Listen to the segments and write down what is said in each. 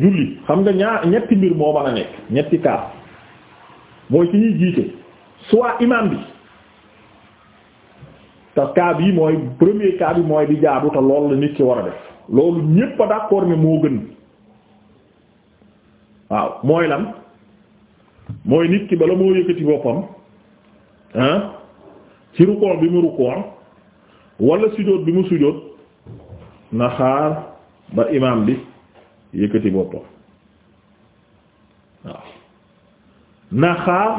julli xam nga ñaar ñetti mbir moo mën a nekk ñetti kaar mooy ci ñuy jiite soit imam bi te cas bi mooy premier cas bi mooy di jaadu te la nit ki war a def loolu ñépp a d'accord ne moo gën waaw mooy lan mooy nit ki bala moo yëkkati boppam ah ci rukoon bi mu rukoon wala sujjóot bi mu sujjóot na xaar ba imam bi yëkkati boppam waaw naxaax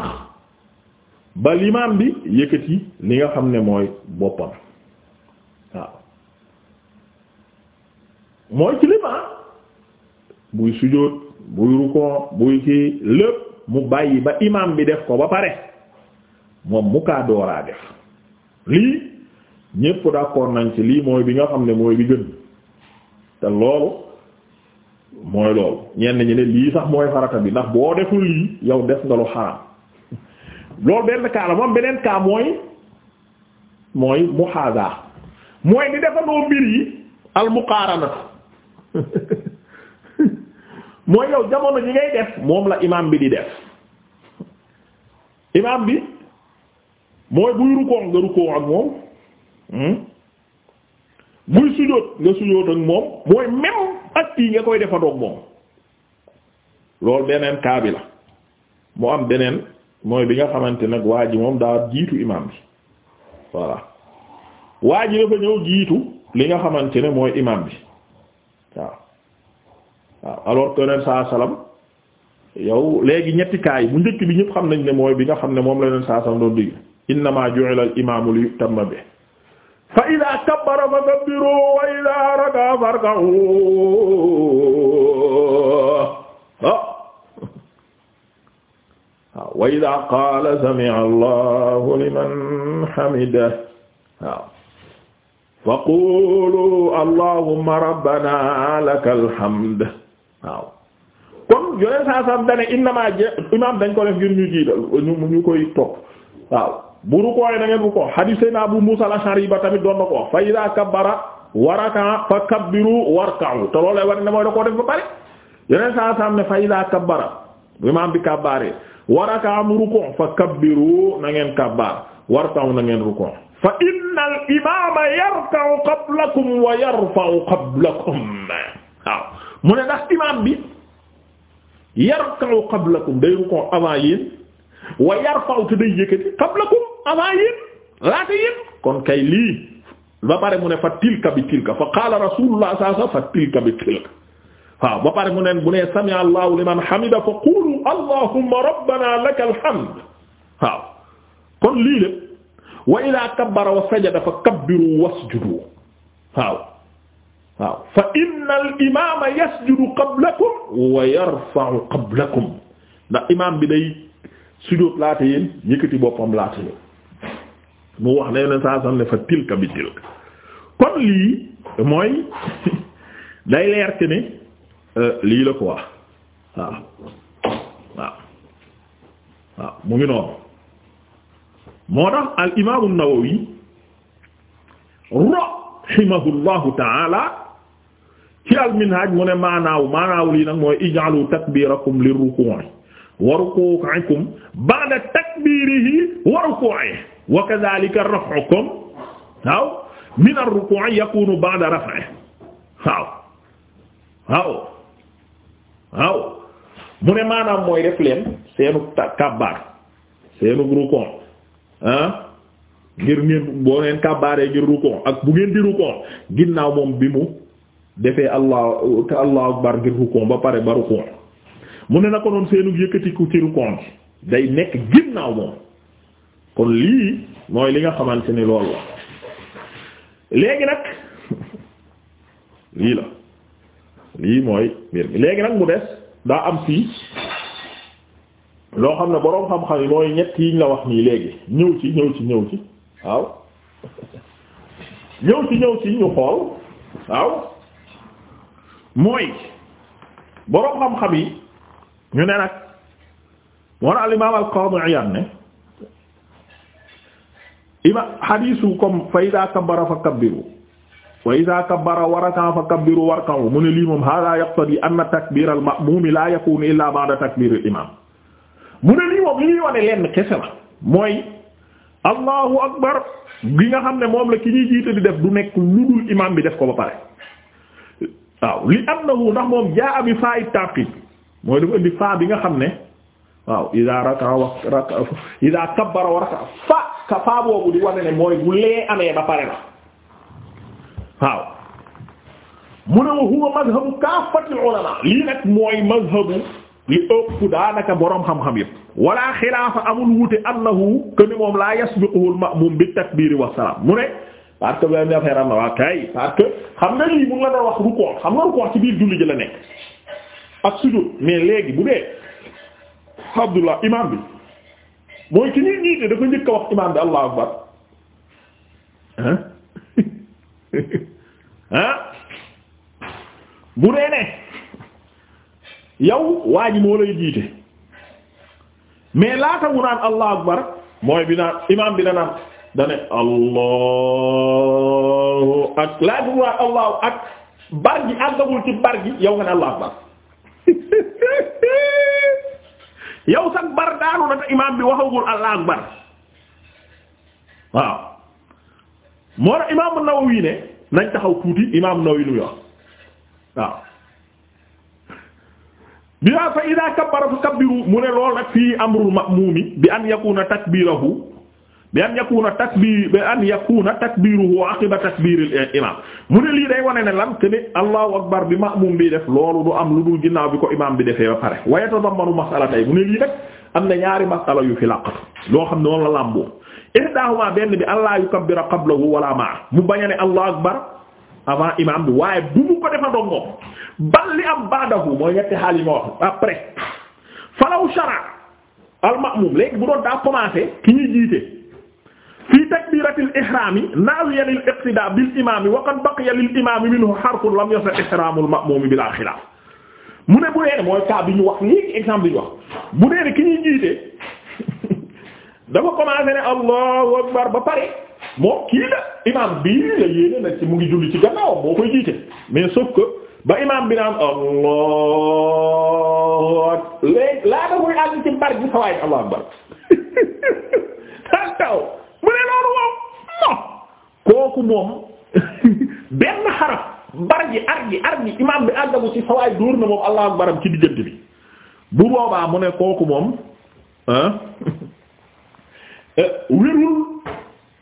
ba limaam bi yëkkati li nga xam ne mooy boppam waaw mooy ci buy sujjóot buy rukkoo buy kii lépp mu bàyyi ba imaam bi def ko ba pare moom mu kaa dooraa def lii ñépp d'accord nañ ci lii mooy bi nga xam ne mooy bi gën te loolu mooy loolu ñenn ñi ne lii sax mooy farata bi ndax boo deful lii yow def nga lu xaraam loolu benn cas moom beneen cas mooy mooy jamono ji ngay def moom la imaam bi di def imaam bi mooy buy rukkoo nga rukkoo ak moom hmm? buy sujóot nga sujóot ak moom mooy même ak kii nga koy defandoog moom loolu beneen kaa bi la mu am beneen mooy bi nga xamante nag waa ji moom daa jiitu imaam bi voilà waa ji dafa ñëw jiitu li nga xamante ne mooy imaam bi waaw waaw alors que leen saa salaam yow léegi ñetti kaa bu njëkk bi ñëpp xam nañ ne mooy bi nga xam ne moom la leen saa salaam doon digg innamaa ju'ila al imaamu li yutamma fa ida kabbara fa kabbiru wa ida raka farka'u waaw wa ida qaala sami'a allahu liman hamidah waaw fa qulu allahumma rabbana lakal hamd waaw kon yoneen saa sam dane innama je imam dañ ko def ngir ñu jiidal ñu koy topp waaw bu rukkooy na ngeen rukkoo ba tamit doon na ko wax fa idaa kabbara wa fa kabbiru warka'u te loolu lay ne mooy da koo def ba pare yeneen saa saam ne fa idaa kabbara imaam bi kabbaaree wa raka'a mu rukkoo fa kabbiru na ngeen kabbaar warka'u na fa innal imaama yarka'u qablakum wa yarfa'u qablakum mu ne ndax imaam bi yarka'u qablakum day rukkoo avant yéen wa yarfa'u te day yëkkati qablakum avant yéen laata yéen kon kay lii ba pare mu ne fa tilka bi tilka fa qaala rasulullah sallallahu alayhi wasallam fa tilka bi tilka waaw ba pare mu ne bu nee sami allahu liman hamida fa qulu allahumma rabbana lakal hamd waaw kon lii lépp wa ila kabbara wa sajada fa kabbiru wasjudu waaw waaw fa inna al imama yasjudu qablakum wa yarfa'u qablakum ndax imam bi day sujjóot laata yi yëkkati boppam laata yéen mu wax ne yeneen saa ne fa tilka bi tilka kon lii mooy day leer ci ne euh, lii la quoi waaw waaw waaw mu ngi noonu moo tax al imaamu an-Nawawi rahimahullahu ta'ala ci al minhaj mu ne maanaaw maanaaw lii nag mooy ij'alu takbirakum lirruku' wa rukuu'ikum ba'da takbiirihi waaw min ar-rukuu'i yakuunu ba'da waaw waaw waaw mu ne maanaam mooy def leen seenu kabbaar seenu rukuu ah, ngir ngeen boo neen kabbaaree ngir rukuu ak bu ngeen di rukuu ginnaaw moom bi mu defee allah allahu akbar ngir rukuu ba pare ba rukuu mu ne na ko noon seenu yëkkatiku ci rukoon bi day nekk ginnaaw moom kon lii mooy li nga xamante ni lool la léegi nag lii la lii mooy mbir mi léegi nag mu des daa am fii loo xam ne boroom xam-xam yi mooy ñett yiñ la wax nii léegi ñëw ci ñëw ci ñëw ci waaw ñëw ci ñëw ci ñu xool waaw mooy boroom xam-xam yi ñu ne nag moo na al imaam al qaadi Iyaad ne ima hadiisu comme fa idaa kabbara fa kabbiru wa idaa kabbara wa raka'a fa kabbiru warka'u mu ne lii moom haadaa yaqtadii anna takbiira al ma'muumi laa yakuunu illaa ba'da takbiiri al imaam mu ne lii moom li ñuy wane lenn kese la mooy allahu akbar gi nga xam ne moom la ki ñuy jiite di def du nekk lu dul imaam bi def ko ba pare waaw li annahu ndax moom jaa'a bi faa'i ta'qiib mooy dafa indi fa bi nga xam ne waaw ida raka wa raka ida di wane ne mooy bu lee amee ba pare la waaw mu ne wa huwa mazhabu kaffatil ulama lii nag mooy mazhabu li ëpp daanaka boroom xam-xam yëpp wala xilaafa amul wute annahu que moom laa yasbiquhu al bi takbiri wa salaam mu ne parce que benn affaire am na waa xam nga lii mu nga doon wax xam nga rukkoo ci biir julli ji la ak sujud mais léegi bu dee Abdullah imam bi mooy ki jiite dafa njëkk wax imam bi allahu akbar hein hein bu dee ne yow waa ji moo lay jiite mais laata mu naan allahu akbar mooy bi naan imam bi naan dane allahu ak laa ji mu naan bar gi àggagul ci bar gi yow nga yow sax bar daanu imaam bi waxagul allah akbar waaw moo tax imaam Nawawi nañ taxaw tuuti imaam Nawawi wax waaw bi fa idaa kabbara fa kabbiru mu ne lool nag fii amrul ma'muumi bi an yakuna takbiirahu bi an yakuna takbir bi an yakuna takbiruhu aqiba takbiril imam mu ne lii day wane ne lan que ni allahu akbar bi ma'mum bi def loolu du am lu dul ginnaaw bi ko imam bi defee ba pare wa yatadammanu mas'alatay mu ne lii rek am na ñaari mas'ala yu fi laqatu loo xam ne woon la làmboo ihdahuma benn bi allah yukabbira qablahu wala ma'a mu bañ a ne allahu akbar avant imam bi waaye bu mu ko defa dongo bal li am ba'dahu mooy ñetti xaal yi ma wax après falaw fi takbiratil ihrami naawiya lil iqtidaa bil imaami wa qad minhu harfun lam yasih ihraamul ma'muumi bilaa mu ne bu dee mooy cas bi wax léegi exemple bi ñu wax bu dee ki ñuy jiite dafa commencé ne allahu akbar ba pare moo kii la imaam bii la yéene nag ci mu ngi julli ci gannaawam boo koy jiite mais sauf que ba imaam bi naan allahu akbar léegi laa da muy àgg ci mbar gi sawaay mu ne loolu kooku moom benn xaraf bar ji ar imaam bi àggagu ci sawaay dóor na moom allahu akbaram ci diggante bi bu boobaa mu ne kooku moom eh, wérul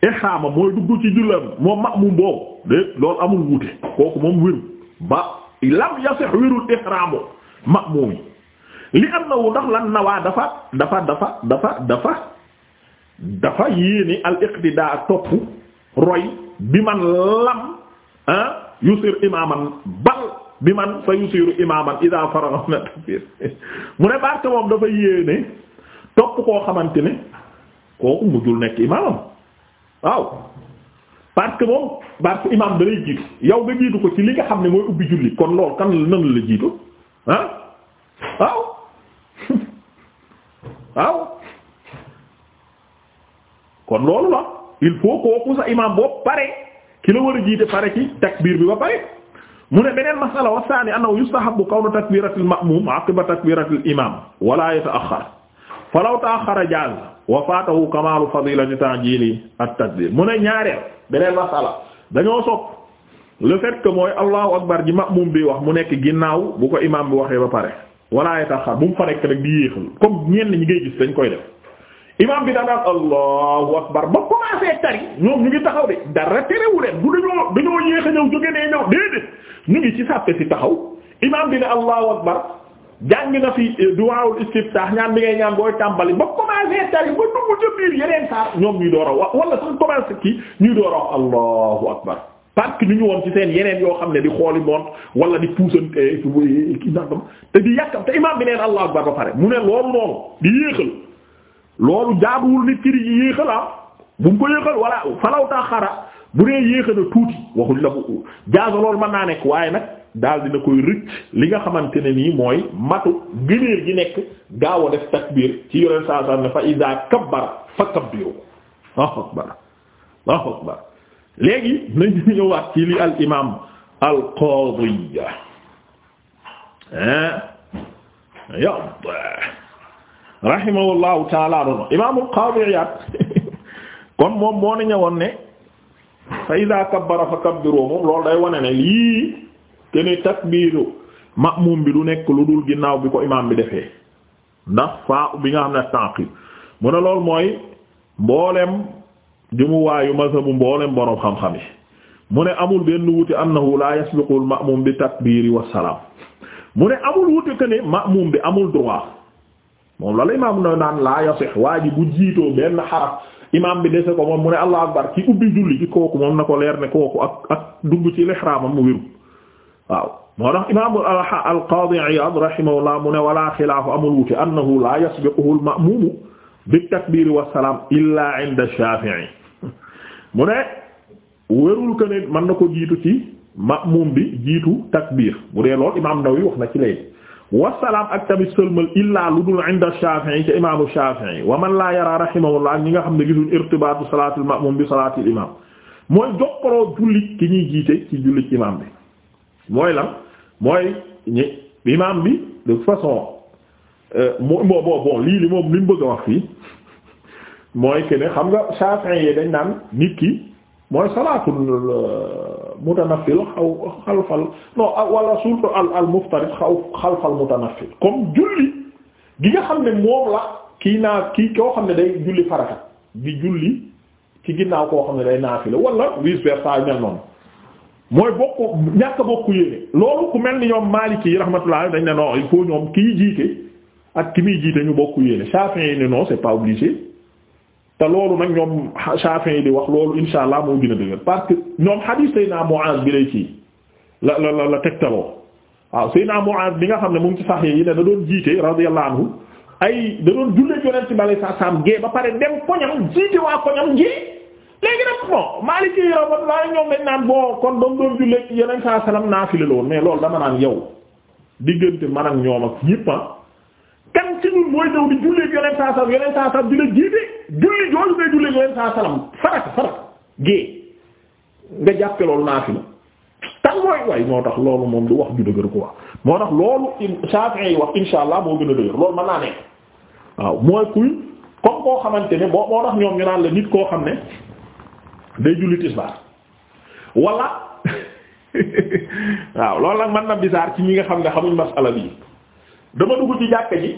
ihraama mooy dugg ci jullam moom ma'mum boobu de loolu amul wuute kooku moom wéru ba lam yasih wérul ihraamu ma'mum yi li am na wu ndax lan nawaa dafa dafa dafa dafa dafa dafa yéene al iqtidaa topp roy bi man lam ah yusir imaaman bal bi man fa yusiru imaaman ida faraga min takbir mu ne barke moom dafa yéene topp koo xamante kooku mujjul nekk imaamam waaw parce moom parce que imaam da yow nga jiitu ko ci li nga xam ne mooy ubbi julli kon loolu kan nan la jiitu ah waaw waaw kon loolu la il faut kooku sa imam boobu pare ki la war a jiite pare ci takbir bi ba pare mu ne beneen masala wa saani annahu yustahabbu kawnu takbiratil ma'mum aqiba takbiratil imam wala yata'akhkhar falaw ta'akhkhara jaz wa fatahu kamalu fadilati ta'jili at-takbir mu ne ñaareel beneen masala dañoo sopp le fait que mooy allahu akbar ji ma'mum wax mu nekk ginnaaw bu ko imaam bu waxee ba pare wala yata'akhkhar bu mu fa nekk rek di yéexal comme ñenn ñi ngay gis dañ koy def imam bi da naan allahu akbar ba commencé tari ñoom ñu ngi taxaw de dara terewuleen bu dañoo dañoo yéex a ñëw jóge nee ñëw déedéet ñu ngi ci sàppe si taxaw imam bi ne allahu akbar jàng na fi eh, duwaawul istiftah ñaan bi ngay ñaan booy tàmbali ba commencé tari ba dugg ca biir yeneen saar ñoom ñuy door a wax wala sax commencé kii ñuy door a wax allahu akbar parce que ñu woon ci seen yeneen yoo xam ne di xooli moon wala di puusante eh, ki nangam te di yàkkam te imam bi mu ne loolu jaabuwul nit ki di yéexal ah bu mu ko yéexal walla falaw taxara bu dee yéexa tuuti waxuñ la bu jaaza loolu mën naa nekk waaye nag daal dina koy rëcc li nga xamante ne nii mooy matu gënéer gi nekk gaaw def takbir ci yoleen saa saa ne fa iza kabbara fa kabbiru Allahu akbar akbar léegi nañ ñu ñëwaat ci li al imam al qadi ah rahimahullahu taala doon imaamul Qaadi kon moom moo ni ñëwoon ne fa iza kabbara fa kabbiru moom loolu day wane ne lii te ne takbiiru ma'muum bi du nekk lu dul ginnaaw bi ko imaam bi defee ndax faa bi nga xam ne tànqi mu ne loolu mooy mboolem jumuwaayu mazhabu mboolem boroom xam-xam yi mu ne amul benn wuti annahu la yasbiqul ma'muum bi takbiiri wa salaam mu ne amul wuti que ma'muum bi amul droit. moom la la imaam na naan laa yasix waa ji bu jiitoo benn xaraf imaam bi dese ko moom mu ne allah akbar ki ubbi julli ci kooku moom na ko leer ne kooku ak ak dugg ci lixraamam mu wéru waaw moo tax imaam al qaadi Iyaad rahimahullah mu ne wala xilaafu amul wuute annahu laa yasbiquhu al ma'muumu bi takbiir wa salaam illaa inda Shaafi'i mu ne wérul que ne mën na ko jiitu ci ma'muum bi jiitu takbiir bu dee lool imaam Nawawi wax na ci léegi wasalaam ak tamit sëlmal illaa lu dul inda Shafi'i ca imaamu Shafi'i wa man laa yaraa rahimahullah ak ñi nga xam ne gisul irtibaatu salaatul ma'muum bi salaatil imaam mooy jokkaloo jullit ki ñuy jiite ci jullit imaam bi mooy lan mooy ñi imaam bi de façon euh, moo moo bëgg a wax fii mooy que xam nga Shafi'i yi dañ naan nit ki mooy salaatul euh, mutanaffil xaw xalfal non ah, wala surtout al al muftarid xaw xalfal mutanaffil comme julli gi nga xam ne moom la kii naa kii koo xam ne day julli farata di julli ci ginnaaw koo xam ne day naafila wala vice versa mel noonu mooy bokk ñàkk bokk yéene loolu ku mel ni ñoom Maliki yi rahmatullah dañ ne non il faut ñoom kii jiite ak ki muy jiite ñu bokk yéene Shafi'i yi ne non c'est pas obligé. te loolu nag ñoom Shafi'i di wax loolu insha allah moo gën a dëgër parce que ñoom hadith Seydina Muaz bi lay ci la la la la tegtaloo waaw Seydina Muaz bi nga xam ne mu ngi ci sax yi ne da doon jiite radiyallahu anhu ay da doon jullee yonent bi alayhi salaam gée ba pare dem koñam jiite waa koñam gée léegi nag bon Maliki rahmatullah ñoom dañ naan bon kon doom doon jullee sa saa salaam naafile la woon mais loolu dama naan yow diggante man kan ci ñun mooy daw di julleeg yoneen saa salam yoneen saa salam di jiite julli jooju ngay julleeg yoneen saa salam farata farata gée nga jàppe loolu naafila tax mooy way moo tax loolu moom du wax ju dëgër ko wax moo tax loolu Shafi'i yi wax insha allah moo gën a dëgër loolu mën naa nekk waaw mooy kuy comme koo xamante ne boo moo tax ñoom ñu naan la nit koo xam ne day julli tisbaar wala waaw loolu nag mën na bizarre ci ñi nga xam ne xamuñ dama dugg ci jàkka ji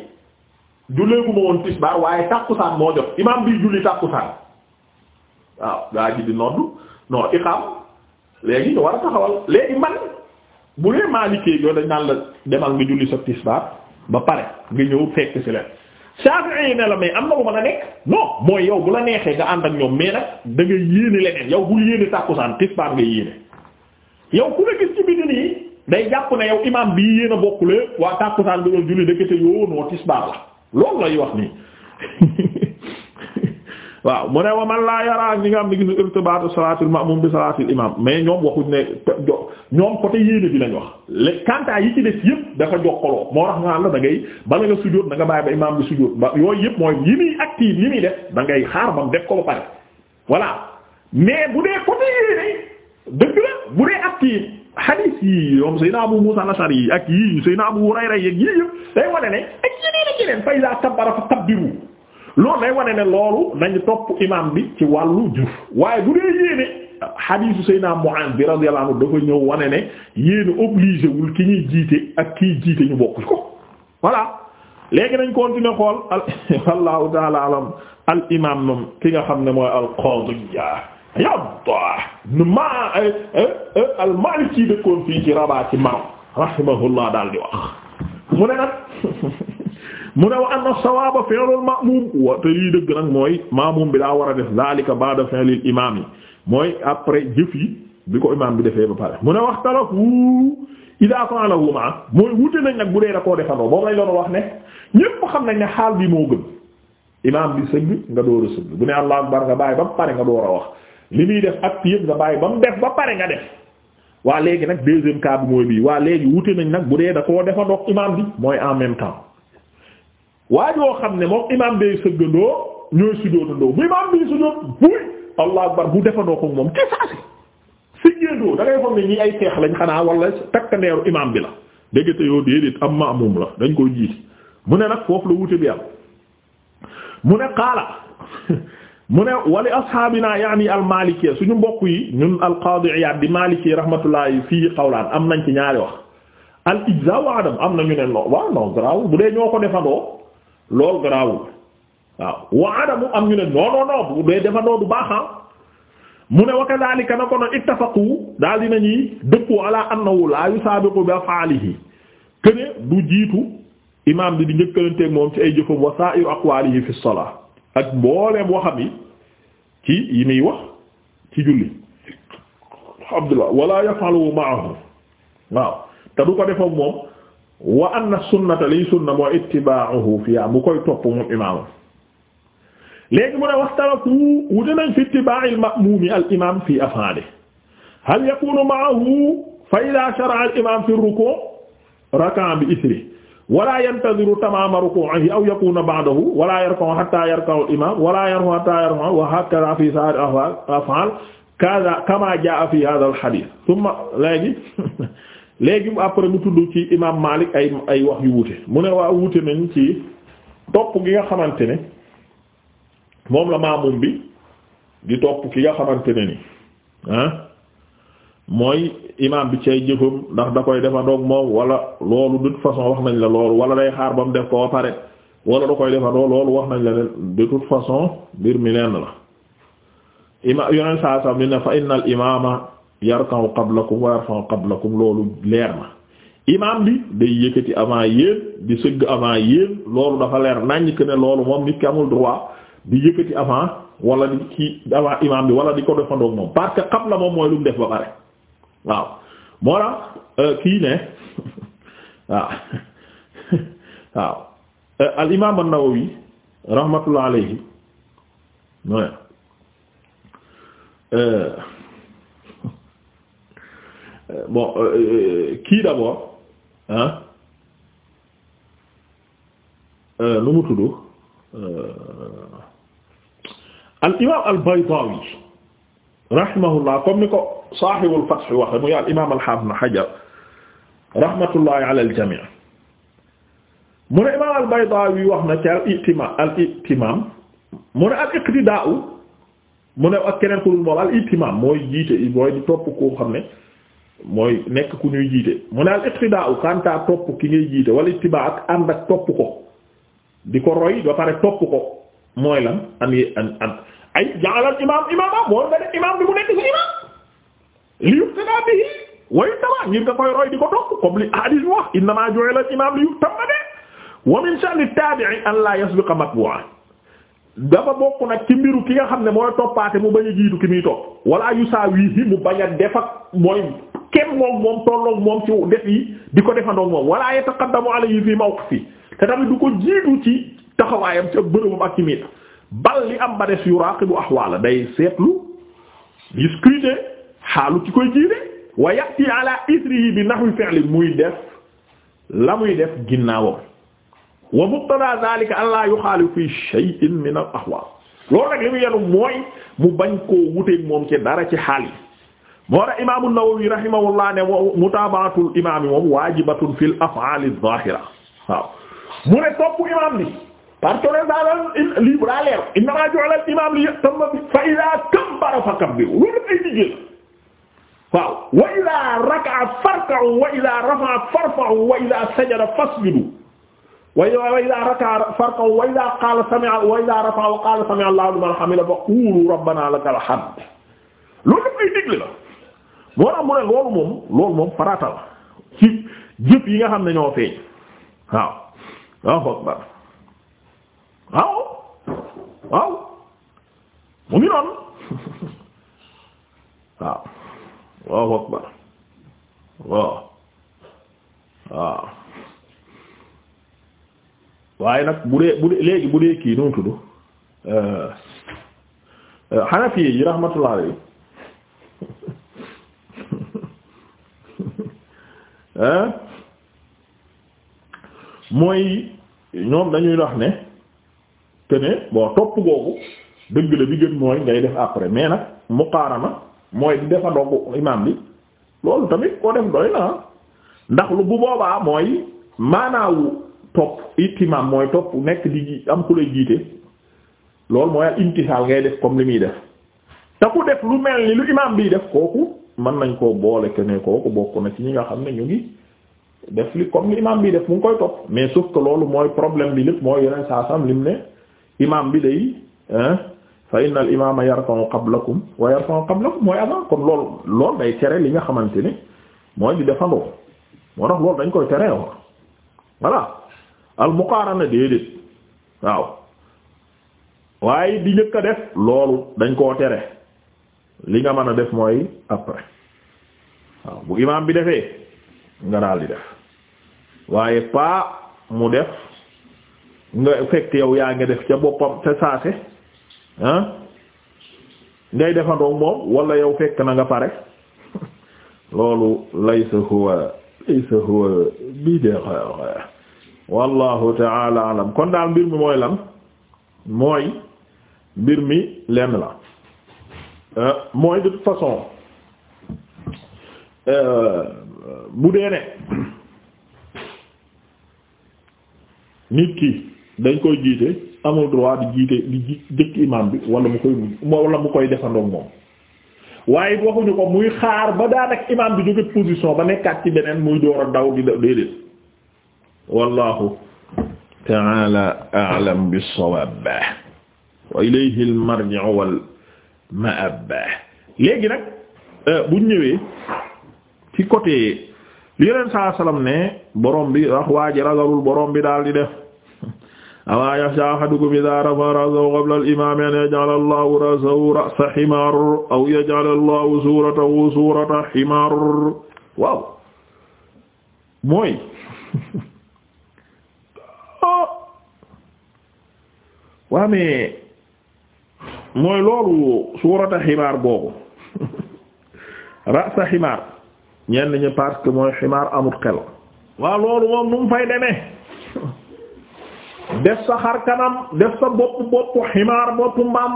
julleeguma woon tisbaar waaye tàkkusaan moo jot imaam bi julli tàkkusaan waaw gaa ji di nodd non iqaam léegi nga war a taxawal léegi man bu dee maalikee yooyu dañ naan la demal nga julli sa tisbaar ba pare nga ñëw fekk ci leen Shafi'i ne la mais am na lu nekk non mooy yow bu la neexee nga ànd ak ñoom mais nag da nga yéene leneen yow bul yéene tàkkusaan tisbaar nga yéene yow ku la gis ci biti nii day jàpp na yow imaam bii yéen a bokkule waa tàkkusaan bi doon julli dëkkate yoo noo tisbaar la loolu lay wax nii waaw mu ne wamal laa yaraa ñi nga xam ne gis irtibaatu salaatil ma'muum bi salaatil imaam mais ñoom waxuñ ne ñoom côté yéene bi lañ wax les kantaa yi ci des yëpp dafa jokkaloo moo tax nga la da ngay bala nga sujjóot da nga bàyyi ba imaam bi sujjóot ba yooyu yëpp mooy yi muy active yi muy def da ngay xaar bam def ko ba pare voilà mais bu hadith yi yoom Seydina Abu Musa al-Ash'ari yi ak yi Seydina Abu Hurayra yi ak yii yëpp day wane ne ak yeneen ak yeneen fa iza kabbara fa kabbiru loolu day wane ne loolu nañu topp imam bi ci wàllu jëf waaye bu dee yéene hadithu Seydina Mu'az bi radiyallahu anhu dafa ñëw wane ne yéene obligé ki ñuy jiite ak kii jiite ñu bokk ko voilà léegi nañ continuer xool al wallahu ta'ala alam al imam moom ki nga xam ne mooy al qadi Yadda nu ma eh, eh, eh, al-Maliki dëkkoon fii ci Rabat ci Maroc rahimahullah daal di wax mu ne nag mu ne wa anna sawaaba fi'lul ma'muum wa lii dëgg nag mooy ma'muum bi daa war a def zaalika ba'da fi'lil imaam yi mooy bi ko imaam bi defee ba pare mu ne waxtalafu idaa fa'alahu ma'a mooy wute nañ nag bu dee da koo defandoo boobu lañ doon wax ne ñépp xam nañ ne xaal bi moo gën imaam bi sëgg nga door a sëgg bu ne Allahu akbar nga bàyyi ba pare nga door a wax. li muy def ak yëpp nga bàyyi ba mu def ba pare nga def waa léegi nag deuxième cas bi mooy bii waa léegi wute nañ nag bu dee da koo defa ndox bi mooy en même temps waa joo xam ne moom imam day sëggandoo ñooy sujjóotandoo bu imam bi sujjóot buy allahu akbar bu defandoo ko moom ci saasi si géndoo da ngay foog ne ñi ay seex lañ xanaa wala takkandeeru imam bi la déggate yoo déedéet am maamum la dañ koy jiiti mu ne nag foofu la wute bi am mu ne wali ashaabina yaani almalikiya suñu mbokk yi ñun alqaadi Iyaad di maliki rahmatullahi fii qawlaan am nañ ci ñaari wax al ijza wa adam am na ñu ne non waaw non bu dee ñoo ko defandoo lool garaawul wa adamu am ñu ne non non non bu dee defandoo ah. mu ne wa kadhalika na ko no ittafaqu daal dina ñuy dëppoo ala annahu la yusabiqu bi af'alihi kene du jiitu imaam bi di njëkkalanteeg moom ci ay jëfam wa sa'iru aqwalihi fi salat ak mbooleem waxam yi ci yi muy wax ci julli wala yafalu ma'ahu waaw te ko defam moom wa anna sunnata liy sunna moo ittiba'uhu fiha koy topp moom imaamam léegi mu ne waxtalafu wute nañ fi ittiba'il ma'mumi al fi af'ali hal yakunu ma'ahu fa idha shara'a al fi ruku' raka'a bi ithri wala yantaziru tamaama rukuu'ihi aw yakuna ba'dahu wala yarfa'u hatta yarka'u al-imaam wala yarfa'u hatta yarfa'a wa hakadha fi saa'ir al-af'aal kaza kama jaa fi hadha al-hadith thumma léegi léegi après mu tudd ci imaam Maalik ay ay wax yu wuute mu ne waa wuute nañ ci topp gi nga xamante ne moom la maamum bi di topp ki nga xamante ne ni ah mooy imaam bi cay jëfam ndax da koy defandoog moom wala loolu de toute façon wax nañ la loolu wala day xaar ba mu def ko pare wala da koy defandoo loolu wax nañ la ne de mbir mi lenn la ima yoneen saa sam li ne fa innal imaama yarka'u qablakum wa yarfa'u qablakum loolu leer na imaam bi day yëkkati avant yéen di sëgg avant yéen loolu dafa leer naññ que ne loolu moom nit ki amul droit di yëkkati avant wala di ci avant imaam bi wala di ko defandoog moom parce que qabla moom mooy lu mu def ba pare waaw moo tax euh, kii ne waaw waaw euh, al imaam an-Nawawi rahmatullah alayhi mooy euh, bon kii d'abord ah nu mu tudd al imaam al-Baydawi rahimahullah comme ni ko saaxibul fath waxe muy al imaam al haafiz ibn hajar rahmatullahi ala mu ne imaam al baydaawi wax na ci al mu ne al mu ne ak keneen ku dul moom al itimaam mooy jiite mooy di topp koo xam ne mooy nekk ku ñuy jiite mu ne al iqtidaa kanta topp ki ngay jiite wala itibaa ak ànd ak topp ko di ko roy ba pare topp ko mooy lan an an an ay jaalal imaam imaama moo nga def imaam bi mu nekk sa imaam li yuktada bihi wa yuttaba ngir nga koy roy di ko topp comme li hadis bi wax innama ju'ila al-imaam li yutamma bi wa min sha'ni at-taabi'i an la yasbiqa matbu'a dafa bokk nag ci mbiru ki nga xam ne mooy toppaate mu bañ a jiitu ki muy topp wala yusaawihi mu bañ a def ak mooy kem moom tolloog moom ci def yi di ko defandoog moom wala yataqaddamu alayhi fi mawqifi te tamit du ko jiitu ci taxawaayam ci bërëbam bal li am ba des yuraaqibu ahwaala day seetlu di scruter yati ala isrihi bi nahwi fi'li muy def la muy def ginnaawam wa muqtada zalika an laa yuxaalifu fi shay'in min al ahwaal loolu nag li mu yenu mooy mu bañ koo ci dara ci xaal yi moo tax imaam an-Nawawi rahimahullah ne mutaaba'atul imaam moom af'aal mu ne topp imaam bi parce que les saabal lii bu daa leer innamaa ju'ila al-imaam liyu'tamma bihi fa idhaa kabbara fakabbiru loolu ay liggéey la waaw wa idhaa raka'a farka'u wa idhaa rafa'a farfa'u wa idhaa sajada fasjudu wa idhaa raka'a farka'u wa idhaa qaala sami'a wa idhaa rafa'a wa qaala sami'a Allahu liman hamidahu faqulu rabbanaa lakal hamd loolu ay digle la moo tax mu ne loolu moom loolu moom farata la ci jëf yi nga xam ne ñoo feeñ waaw waaw waaw waaw mu ngi noonu waaw waaw akbar waaw waaw waaye nag bu dee bu dee léegi bu dee kii noonu tudd euh, euh, Hanafi yi rahmatullah alayhi mooy ñoom dañuy wax ne te ne topp googu dëgg la bi gën mooy ngay def après mais nag na mooy di defa ndogu imaam bi loolu tamit koo def doy na ndax lu bu boobaa mooy maanaawu topp it imaam mooy topp nekk di am ku lay jiite loolu mooy al imtisaal ngay def comme li muy def te ku def lu mel ni lu bi def kooku mën nañ koo boole ke ne kooku bokk na ci ñu nga xam ne ñu ngi def li comme li imaam bi def mu ngi koy topp mais sauf que loolu mooy problème bi lépp mooy yeneen saa sam lim ne imaam bi day fa inna al imaama yarfa'u qablakum wa yarfa'u qablakum mooy avant kon loolu loolu day tere li nga xamante ni mooy di defandoo moo tax loolu dañ koy tere voilà al muqaarana waaw waaye di njëkk a def loolu dañ koo tere li nga mën a def mooy après bu imaam bi defee nga daal di def waaye pas mu def nga fekk yow yaa nga def ca boppam ca saase ah, ngay defandoog moom wala yow fekk na nga pare loolu laysa huwa laysa huwa bid'a wallahu ta'ala alam kon daal mbir mi mooy lan mooy mbir mi lenn la euh, mooy de façon euh, bu dee ne nit ki dañ koy jiite amul droit di jiite di jëkk imam bi wala mu koy wala mu koy defandoo moom waaye waxuñu ko muy xaar ba daanak imam bi jóge position ba nekkaat ci beneen muy door a daw di déedéet a'lam bis-sawab wa ilayhi al-marji'u wal ma'ab léegi nag euh, buñ ñëwee ci côté li yeneen saa salaam ne borom bi wax waa ji ragalul borom bi daal di def amaa yaxsha ahadukum idaa rafa'a ra'sahu qabla al-imaam an yaj'ala Allahu ra'sahu ra'sa himaar aw yaj'ala Allahu suuratahu suurata waaw mooy oh. waa mooy loolu suurata himaar boobu ra'sa himaar ñenn ñi parce mooy himaar amut xel waa loolu moom nu mu def sa xar kanam def sa bopp boppu ximaar boppu mbaam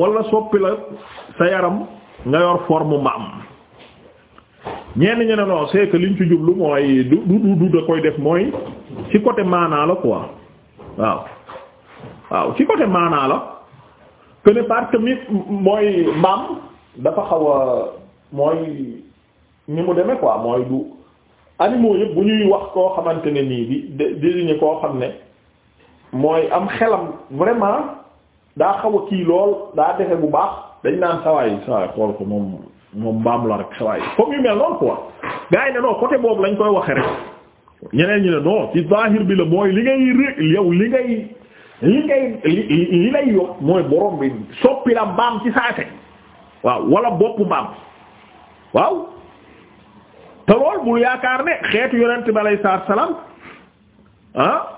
wala soppi la sa yaram nga yor forme mbaam ñenn ñi ne non c'est que liñ ci jublu mooy du du du da koy def mooy ci côté maanaa la quoi waaw waaw ci côté maanaa la que ne mi mooy mbaam dafa xaw a mooy ni mu demee quoi mooy du animaux yëpp bu ñuy wax koo xamante ne nii di di di ñu koo xam ne. mooy am xelam vraiment daa xaw a kii lool daa defe bu baax dañ naan sawaay sawaay xool ko moom moom mbaam la rek sawaay comme yu mel noonu quoi gars yi ne non côté boobu lañ koy waxe rek ñeneen ñi ne non ci zahir bi la mooy li ngay ré yow li ngay li ngay li lay yokk mooy borom bi soppi la mbaam ci saate waaw wala bopp mbaam waaw te lool bul yaakaar ne xeetu yonent bi alayhi salaam ah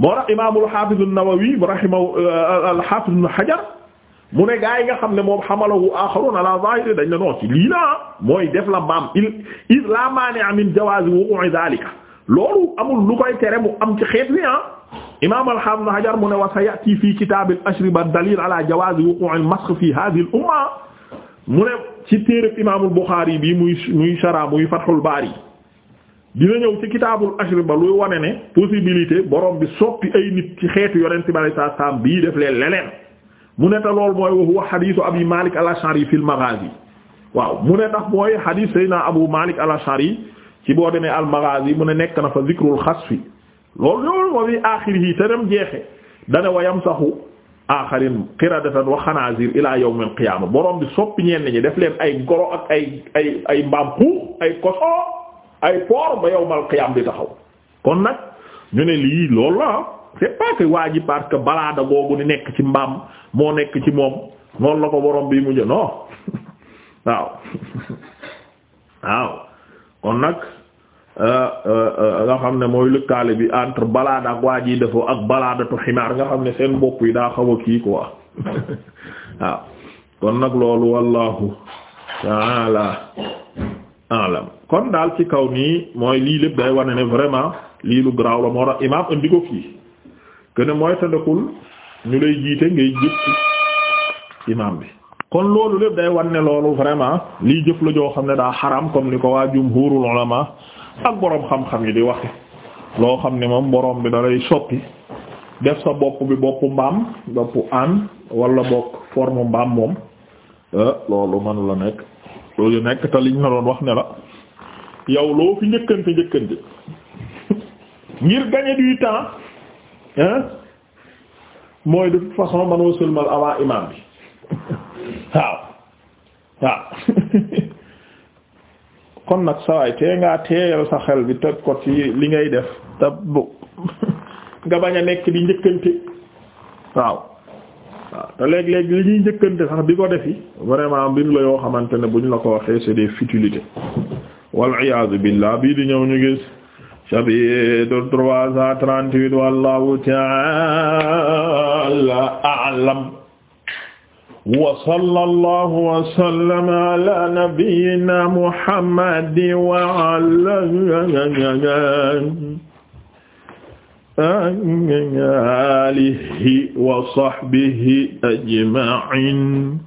moo tax imaamul xaafiz an-Nawawi rahimahu euh, al-xaafiz ibn Hajar mu ne gaa yi nga xam ne moom xamalahu axarun ala zahiri dañ la noo ci lii la mooy def la mbaam il il la maani'a min jawaazi wuqu'i daalika loolu amul lu koy tere mu am ci xeet wi ah imaam al-Haafiz ibn Hajar mu ne wa saya'tii fii kitaab al-ashriba ad-daliil ala jawaazi wuqu'i al-masx fii haadhihi al-umma mu ne ci téereb imaamul Buxaari bi muy muy Shara muy Fathul Baari dina ñëw ci kitaabul ba luy wane ne possibilité boroom bi soppi ay nit ci xeetu yonent bi sallallahu alayhi wasallam bii def leen leneen mu ne te lool mooy wa huwa xadiisu abi malik al-ash'ari fil maghazi waaw mu ne tax mooy xadiis sayna abu malik al-ash'ari ci boo demee al-maghazi mu ne nekk na fa zikrul xasfi loolu loolu wa fi aaxirihi te dem jeexe dana wa yamsaxu aaxarin qiradatan wa xanaazir ila yawm al-qiyaama borom bi soppi ñenn ñi def leen ay goro ak ay ay ay mbaam ay poor ba yowmal qiyam di taxaw kon nag ñu ne lii loolu la ah. c'est pas que waa ji parce balaada googu ni nekk ci mbaam moo nekk ci moom noonu la ko borom bi mu jë non waaw waaw kon nag euh, euh, euh, nga xam ne mooy lëkkaale bi entre balaada ak waa ji dafa ak balaadatu ximaar nga xam ne seen bopp yi daa xawa a kii quoi waaw kon nag loolu wallahu taala alam kon daal ci kaw nii mooy lii lépp day wane ne vraiment lii lu garaaw la moo tax imaam indi ko fii gën mooy tëndakul ñu lay jiite ngay jëf ci imaam bi. kon loolu lépp day wane ne loolu vraiment lii jëf la joo xam ne daa xaram comme li ko waa jum jumhurul ma ak boroom xam-xam yi di waxe loo xam ne moom boroom bi da lay soppi def sa bopp bi boppu mbaam boppu an wala bopp forme mbaam moom eh, loolu mënu la nekk loolu nekk te liñ la doon wax ne la. yow loo fi njëkkante njëkkante ngir gagner du temps hein mooy de toute façon manoo sëlmal avant imam bi waaw waaw kon nag sawaay tee ngaa teeyal sa xel bi teg ko ci li ngay def te bu nga bañ a nekk di njëkkante waaw waaw te léeg-léeg li ñuy njëkkante sax bi ko defi vraiment mbir la yoo xamante ne ñu la ko waxee c'est des futilités waliyasu billah bii di ñëw ñu gis chapitre trois cent trente-huit wallahu ta'ala a'lam wa sallallahu wa sallama ala nabiyyina muhammadin wa ala alihi wa sahbihi ajma'in